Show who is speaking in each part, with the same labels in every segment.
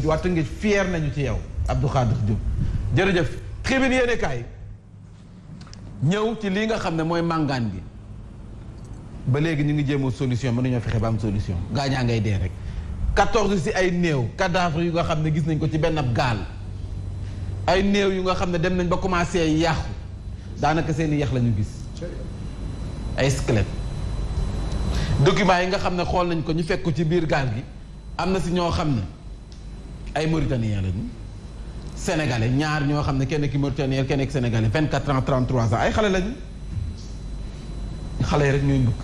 Speaker 1: di waa Tëngéej fier nañu ci yow Abdou Khadir Diop jërëjëf tribune yéene kaay ñëw ci lii nga xam ne mooy màngaan gi ba léegi ñu ngi jéemoo solution mënuñoo fexe ba am solution gaañaa ngay dee rek quatorze si ay néew cadavre yu nga xam ne gis nañ ko ci benn ab gaal ay néew yu nga xam ne dem nañ ba commencé yàqu daanaka seen i yax la ñu gis ay squelette documents yi nga xam ne xool nañ ko ñu fekk ko ci biir gaal gi am na si ñoo xam ne ay Mauritaniens lañu Sénégalais ñaar ñoo xam ne kenn ki Mauritanien kenn ki Sénégalais 24 ans 33 ans ay xale lañu xale yi rek ñooy mbëkk.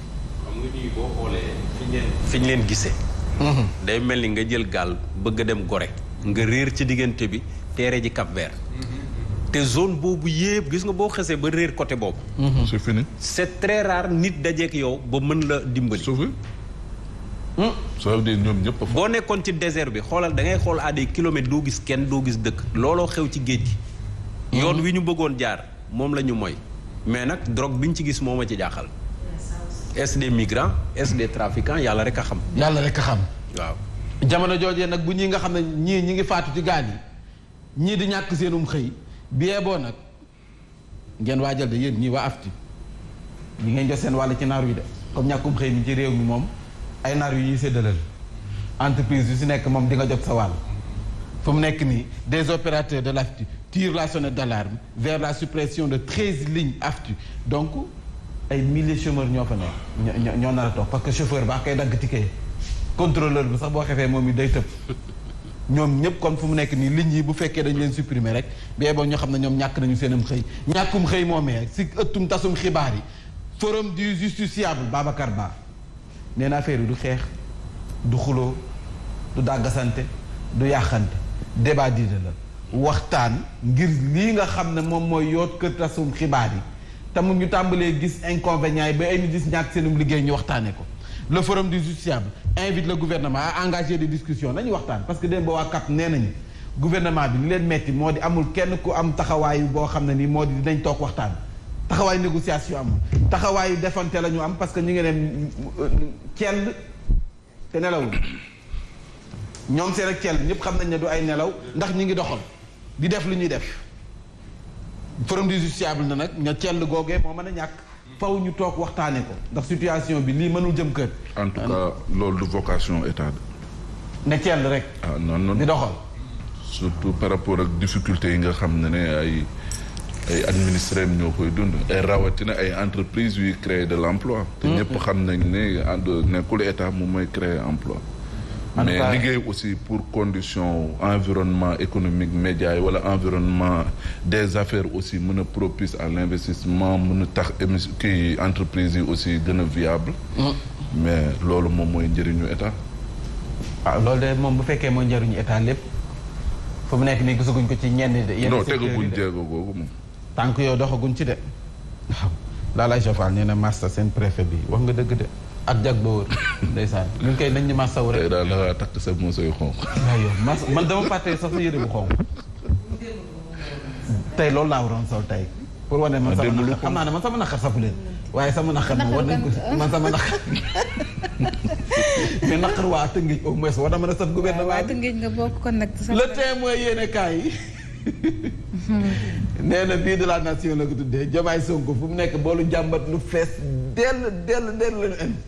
Speaker 2: xam boo xoolee fi leen gise ñu leen mhm. day mel ni nga jël gaal bëgg a dem Gorée. nga réer ci diggante bi teere ji Cap Vert. Mhm. te zone boobu yépp gis nga boo xesee ba réer côté boobu.
Speaker 1: Mhm. c'est fini.
Speaker 2: c'est nit dajeek yow ba mën la dimbali. ça veut dire ñoom ñëpp boo nekkoon ci désert bi xoolal da ngay xool à des kilomètres doo gis kenn doo gis dëkk looloo xew ci géej gi hmm. yoon wi ñu bëggoon jaar moom la ñu mooy mais nag drogue bi ñu ci gis moom a ci jaaxal est migrant migrants est yàlla rek a xam
Speaker 1: yàlla rek a xam
Speaker 2: waaw jamono joojee nag bu ñuy nga xam ne
Speaker 1: ñii ñi ngi faatu ci gaal yi ñii di ñàkk seenum xëy bi yeboo nag ngeen waajal de yéen ñii waa afti ñi ngeen jot seen wàll ci naar yi de comme ñàkkum xëy mi ci réew mi moom ay naar yu ñuy séddalal entreprise yu si nekk moom di nga jot sa wàll fu mu nekk nii des opérateurs de l'AFTU tirent la sonnette d'alarme vers la suppression de treize lignes AFTU donc ay milliers chômeurs ñoo fa nekk ñoo nar toog parce que chauffeur baa koy dagg ticket contrôleur bi sax boo xefee moom it day tëb ñoom ñëpp kon fu mu nekk nii lignes yi bu fekkee dañu leen supprimer rek bee boo ñoo xam ne ñoom ñàkk nañu seenam xëy ñàkkum xëy moomee si ëttum tasum xibaar yi forum du justiciable Babacar nee na affaire yi du xeex du xuloo du dàggasante du yàqante débat diine la waxtaan ngir lii nga xam ne moom mooy yoot kër tasum xibaar yi te mu ñu tàmbalee gis inconvénients yi ba ay nit gis ñàkk seenum liggéey ñu waxtaanee ko le forum di justiciable invite le gouvernement à engager des discussions nañu waxtaan parce que démb ba waa CAP nee gouvernement bi li leen metti moo di amul kenn ku am taxawaayu boo xam ne nii moo di dinañ toog waxtaan taxawaay négociation am taxawaayu defante la ñu am parce que ñu ngi leen cell te nelawul ñoom seen ak cell ñëpp xam nañ ne du ay nelaw ndax ñu ngi doxal di def lu ñuy def forum du na nag ña cell googee moo mën a ñàkk faw ñu toog waxtaane ko ndax situation bi lii mënul jëm kër en loolu du vocation état ne cell rek ah non non di doxal surtout par rapport ak difficulté yi nga xam ne ne ay ay administrés ñoo koy dund ay rawatina ay entreprises yuy créer de l' emploi te mm-hmm. ñëpp xam nañ ne ànd nekkul état moom mooy créer emploi mais liggéey aussi pour condition environnement économique média yi wala environnement des affaires aussi mën a propice à l' mën a tax émission kii entreprise yi aussi gën a viable mm. mais loolu moom mooy njëriñu état ah loolu de moom bu fekkee mooy njëriñu état lépp fu mu nekk nii gisaguñ ko ci ñenn yenn non tegaguñ
Speaker 2: jéego googu moom
Speaker 1: tànk yow doxaguñ ci de waaw laalay jofal ñu ne massa seen préfet bi wax nga dëgg de ak jag ba wër ndeysaan ñu koy nañ ñu massa wu rek daal la waa takk man dama fàtte sax sa yére tey loolu laa waroon sol tey pour wane man sama naqar naa ne man sama naqar safu leen waaye sama naqar moom war nañ ko man sama naqar waa Tëngéej au moins war na mën a saf gouvernement bi waaw
Speaker 2: Tëngéej kon nag le
Speaker 1: témoin yéene kaay yi nee na bii de la nation la ko tuddee Diomaye Sonko fu mu nekk boolu jàmbat lu fees dell dell dell lañu indi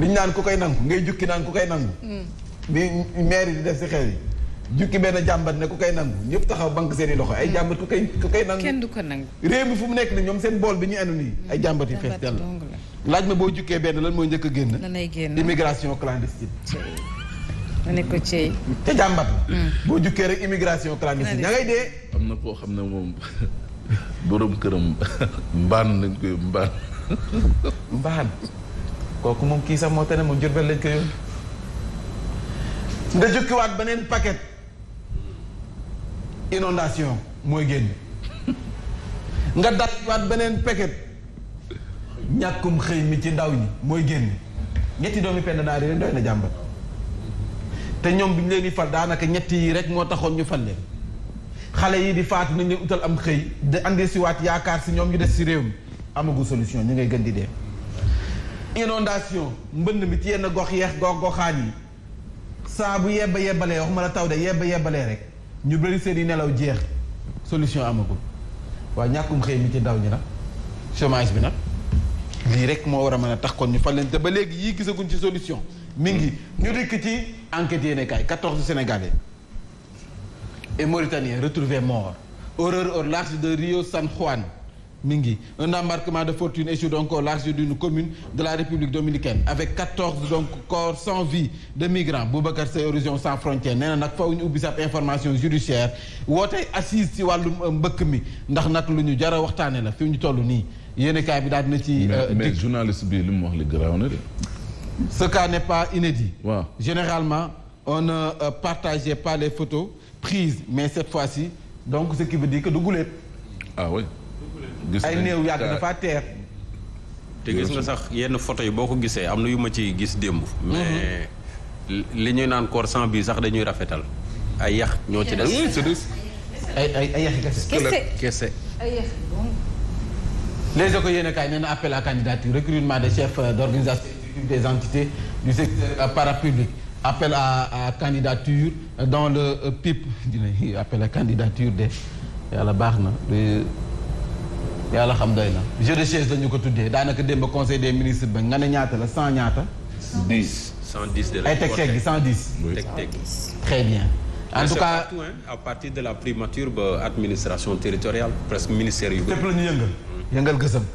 Speaker 1: liñ naan ku koy nangu ngay jukki naan ku koy nangu mm. bi maire di def si xel yi jukki benn jàmbat ne ku koy nangu ñëpp taxaw banque seeni i loxo ay jàmbat ku koy ku koy nangu kenn du ko nangu réew mi fu mu nekk ne ñoom seen bool bi ñu enu nii ay jàmbat yu fees dell laaj ma boo jukkee benn lan mooy njëkk a génn immigration clandestine
Speaker 2: ma ne ko Thièye.
Speaker 1: te jàmbat la. Mm. boo jukkee rek immigration clandestine ña ngay dee. am na koo xam ne moom borom këram mbaan lañ koy mbaan. mbaan kooku moom kii sax moo te ne moom Jurbel lañ koy nga jukkiwaat beneen paquet. inondation mooy génn. nga dajwaat beneen paquet. ñàkkum xëy mi ci ndaw ñi mooy génn. ñetti doomi penn naa réer doy na jàmbat. te ñoom bi ñu leen di fal daanaka ñett yi rek moo taxoon ñu fal leen xale yii di faatu nañ leen utal am xëy de andi yaakaar si ñoom ñu des si réew mi amagul solution ñu ngay gën di dee. inondation mbënn mi ci yenn gox yeex gox goxaan yi saa bu yebba yebbalee wax ma la taw de yebba yebbalee rek ñu bëri seen i nelaw jeex solution amagul waaye ñàkkum xëy mi ci ndaw ñi nag chômage bi nag lii rek moo war a mën a tax kon ñu fal leen te ba léegi yii gisaguñ ci solution. mi ngi ñu dikk ci enquête yéene kaay 14 sénégalais et mauritaniens retrouvés morts horreur au large de Rio San Juan mi ngi un embarquement de fortune échoue donc au large d'une commune de la République dominicaine avec 14 donc corps sans vie de migrants Boubacar Seye Horizon sans frontières nee na nag faw ñu ubbi sab information judiciaire woote assise ci wàllum euh, mbëkk mi ndax nag lu ñu jara waxtaane la fi ñu toll nii yéene bi daal dina ci. mais euh, journaliste bi li mu wax li ce cas n'est pas inédit. waaw généralement on ne euh, partageait pas les photos prises mais cette fois-ci donc ce qui veut di que du guléet.
Speaker 2: ah oui. ay néew yàgg dafa teer. te gis nga sax yenn photo yi boo ko gisee am na yu ma ci gis démb. mais mhm. li ñuy naan corps sans bi sax dañuy rafetal. ay yax ñoo ci des. oui c'est ay ay ay yaxi kese. kese
Speaker 1: ay yaxi bon. les éco yéen a kaay nee na appel à candidature recrutement des chefs euh, d'organisation. exécutif des entités du secteur parapublic appel à, à candidature dans le euh, PIP dina appel à candidature des yàlla baax na yàlla xam doy na jeu de chaise dañu ko tuddee daanaka démb conseil des ministres ba nga ne ñaata la cent ñaata
Speaker 2: dix cent de la ay teg teg gi cent dix teg teg très bien en Mais tout cas partout, hein, à partir de la primature ba administration territoriale presque ministère yu bëri lépp la
Speaker 1: yëngal yëngal gësam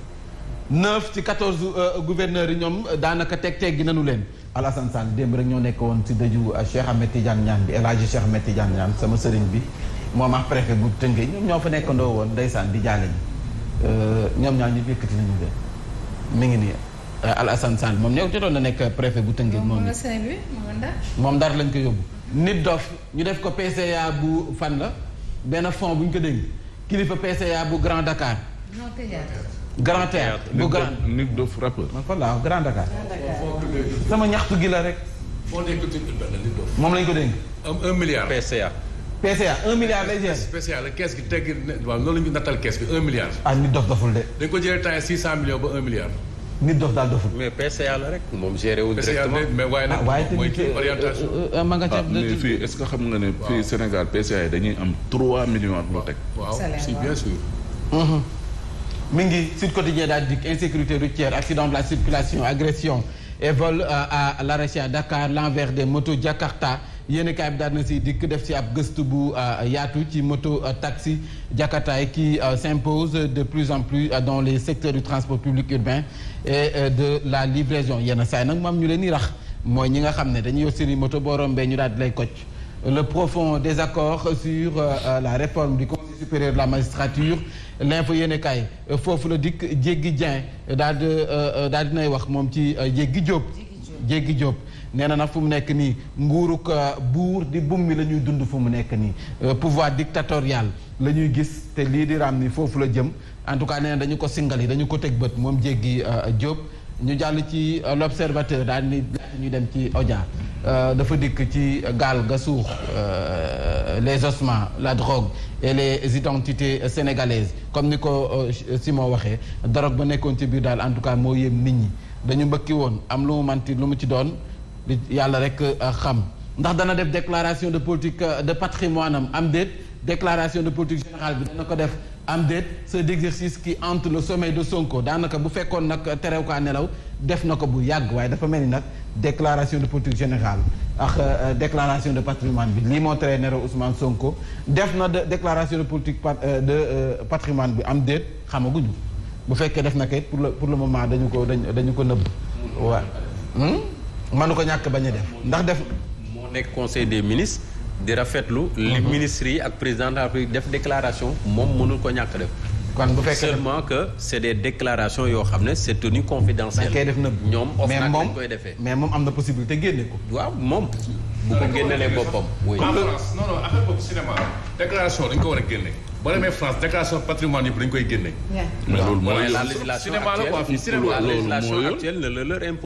Speaker 1: neuf ci quatorze euh, gouverneurs yi ñoom euh, daanaka teg teg gi nanu leen Alassane Sall démb rek ñoo nekk woon ci dëju euh, Cheikh Ahmed Tidiane Niane bi El Hadji Cheikh Ahmed Tidiane Niane sama sëriñ bi moom ak préfet bu Tëngéej ñoom ñoo fa nekkandoo woon ndeysaan di jaale ñi ñoom ñaar ñu yëkkati nañu leen mi ngi nii Alassane Sall moom ñoo jotoon na nekk préfet bu Tëngéej moom moom Ndar lañ ko yóbbu nit dof ñu def ko PCA bu fan la benn fond bu ñu ko dénk kilifa PCA bu Grand grand théâtre bu grand nit dof rappeur. sama ñaxtu gi la
Speaker 2: rek. fond des cultures urbaines
Speaker 1: moom lañ ko dénk. am un milliard. PCA. PCA un milliard lay jël. PCA la kees gi tegg waaw loolu la ñu nattal kees bi un milliard. ah nit dof doful de.
Speaker 2: dañ ko jëlee temps six cent millions ba un milliard. nit dof daal doful. mais PCA la rek. moom géré wu directement mais waaye nag. Ah, waaye tamit euh, euh,
Speaker 1: ah, mais fii est ce que xam nga ne. fii Sénégal PCA yi dañuy am trois millions ak lu teg. waaw mi ngi Sud Quotidien daal di insécurité routière accident de la circulation agression et vol euh, à l'arraché à Dakar l'envers de motos Jakarta yéen kaay bi daal na si dikk def si ab gëstu bu euh, yaatu ci moto euh, taxi Jakarta yi qui s'impose de plus en plus dans les secteurs du transport public urbain et de la livraison yenn saa yi nag moom ñu leen di rax mooy ñi nga xam ne dañuy yor seeni moto boo rombee ñu daal lay kocc le profond désaccord sur euh, euh, la réforme du conseil supérieur de la magistrature l'info yéene kaay euh, foofu la dikk jéggi Dieng daal di daal dinay wax moom ci jéggi Diop jéggi Diop nee na nag fu mu nekk nii nguuruk buur di bum mi la ñuy dund fu mu nekk nii pouvoir dictatorial la ñuy gis te lii di raam ni foofu la jëm en tout cas dañu ko singali dañu ko teg bët moom jéggi Diop ñu jàll ci euh, l' observateur daal ni ñu dem ci Odia euh, dafa dikk ci gaal ga suux euh, les ossements la drogue et les identités sénégalaises comme ni ko Simon waxee drogue ba nekkoon ci biir daal en tout cas moo yem nit ñi dañu mbëkki woon am lu mu manti lu mu ci doon yàlla rek xam ndax dana def déclaration de politique de patrimoine am am déet déclaration de politique générale bi dana ko def am déet cet exercice qui hante le sommeil de Sonko daanaka bu fekkoon nag terew nelaw def na ko bu yàgg waaye dafa mel ni nag déclaration de politique générale ak euh, euh, déclaration de patrimoine bi lii moo teree nelaw Ousmane Sonko def na déclaration de politique euh, de patrimoine bi am déet xamaguñu bu fekkee def na ko pour le pour le moment dañu ko dañu ko nëbb waaw hmm? mënu ko ñàkk bañ a def ndax def
Speaker 2: moo nekk conseil des ministres di rafetlu. li mhm. ministre yi ak président de def déclaration moom mënul ko ñàkk def. bu fekkee seulement que c' est des yoo xam ne c' est tenu confidentiel. koy def nëbb ñoom OFNAC dañ koy defee.
Speaker 1: mais moom am na possibilité génne ko. waaw moom.
Speaker 2: bu ko génnelee boppam. oui France déclaration dañ ko war a génne. boo demee France déclaration patrimoine yëpp dañ koy génne. loolu mooy la législation actuelle ne la leur impose